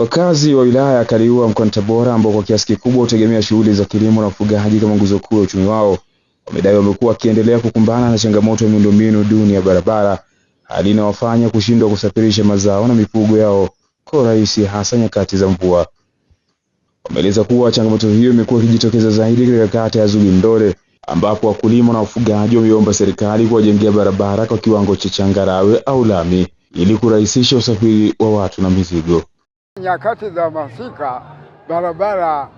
Wakazi wa wilaya ya Kaliua mkoani Tabora ambao kwa kiasi kikubwa hutegemea shughuli za kilimo na ufugaji kama nguzo kuu ya uchumi wao wamedai wamekuwa wakiendelea kukumbana na changamoto ya miundombinu duni ya barabara, hali inayowafanya kushindwa kusafirisha mazao na mifugo yao kwa urahisi, hasa nyakati za mvua. Wameeleza kuwa changamoto hiyo imekuwa ikijitokeza zaidi katika kata ya Zugu ambapo wakulima na wafugaji wameomba serikali kuwajengea barabara kwa kiwango cha changarawe au lami ili kurahisisha usafiri wa watu na mizigo. Nyakati za masika barabara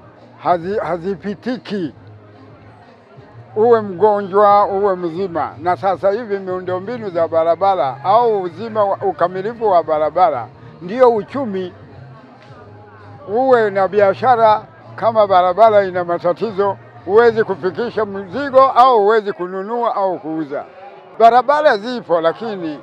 hazi, hazipitiki uwe mgonjwa uwe mzima. Na sasa hivi miundombinu za barabara au uzima ukamilifu wa barabara ndio uchumi. Uwe na biashara, kama barabara ina matatizo, huwezi kufikisha mzigo au huwezi kununua au kuuza. Barabara zipo, lakini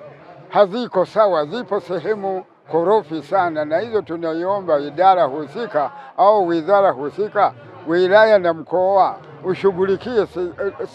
haziko sawa, zipo sehemu korofi sana, na hizo tunaiomba idara husika au wizara husika, wilaya na mkoa ushughulikie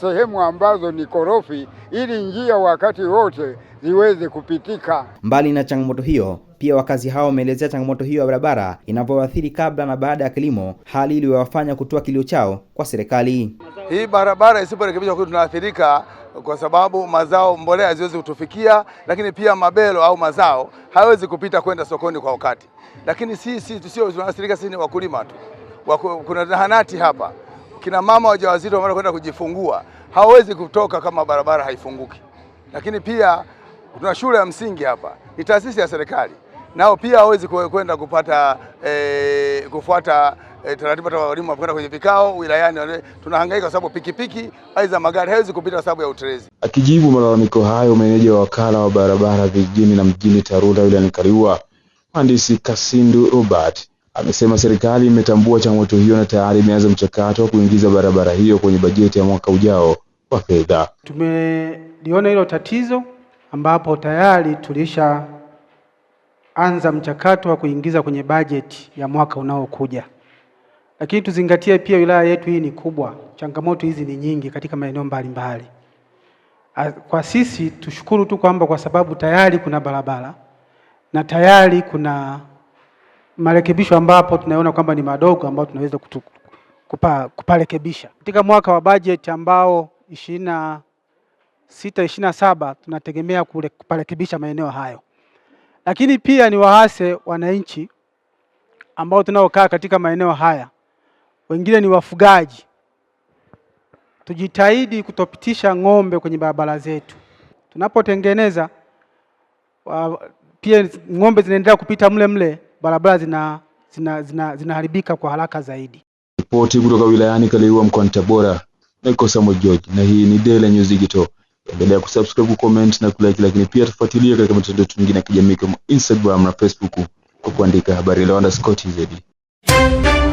sehemu ambazo ni korofi, ili njia wakati wote ziweze kupitika. Mbali na changamoto hiyo, pia wakazi hao wameelezea changamoto hiyo ya barabara inavyoathiri kabla na baada ya kilimo, hali iliyowafanya kutoa kilio chao kwa serikali. Hii barabara isiporekebishwa kwetu tunaathirika kwa sababu mazao mbolea haziwezi kutufikia, lakini pia mabelo au mazao hayawezi kupita kwenda sokoni kwa wakati. Lakini sisi sio tunaathirika sisi ni wakulima tu. Kuna zahanati hapa, kina mama wajawazito wanataka kwenda kujifungua, hawawezi kutoka kama barabara haifunguki. Lakini pia tuna shule ya msingi hapa, ni taasisi ya serikali, nao pia hawawezi kwenda kupata eh, kufuata eh, taratibu za walimu wa kwenda kwenye vikao wilayani, tunahangaika sababu pikipiki aidha magari hawezi kupita sababu ya utelezi. Akijibu malalamiko hayo, meneja wa wakala wa barabara vijijini na mjini TARURA wilayani Kaliua, mhandisi Kasindu Robert amesema serikali imetambua changamoto hiyo na tayari imeanza mchakato wa kuingiza barabara hiyo kwenye bajeti ya mwaka ujao wa fedha. Tumeliona hilo tatizo ambapo tayari tulishaanza mchakato wa kuingiza kwenye bajeti ya mwaka unaokuja. Lakini tuzingatie pia wilaya yetu hii ni kubwa, changamoto hizi ni nyingi katika maeneo mbalimbali. Ah, kwa sisi tushukuru tu kwamba kwa sababu tayari kuna barabara na tayari kuna marekebisho ambapo tunaona kwamba ni madogo ambayo tunaweza kupa, kuparekebisha katika mwaka wa bajeti ambao ishirini na sita ishirini na saba tunategemea kuparekebisha maeneo hayo, lakini pia ni wahase wananchi ambao tunaokaa katika maeneo haya wengine ni wafugaji. Tujitahidi kutopitisha ng'ombe kwenye barabara zetu. Tunapotengeneza pia ng'ombe zinaendelea kupita mle mle, barabara zinaharibika zina, zina, kwa haraka zaidi. Ripoti kutoka wilayani Kaliua mkoani Tabora, niko Samuel George na hii ni Daily News Digital. Endelea kusubscribe, comment na kulike, lakini pia tufuatilie katika mitandao yetu mingine ya kijamii kama Instagram na Facebook kwa kuandika habari leo underscore tz.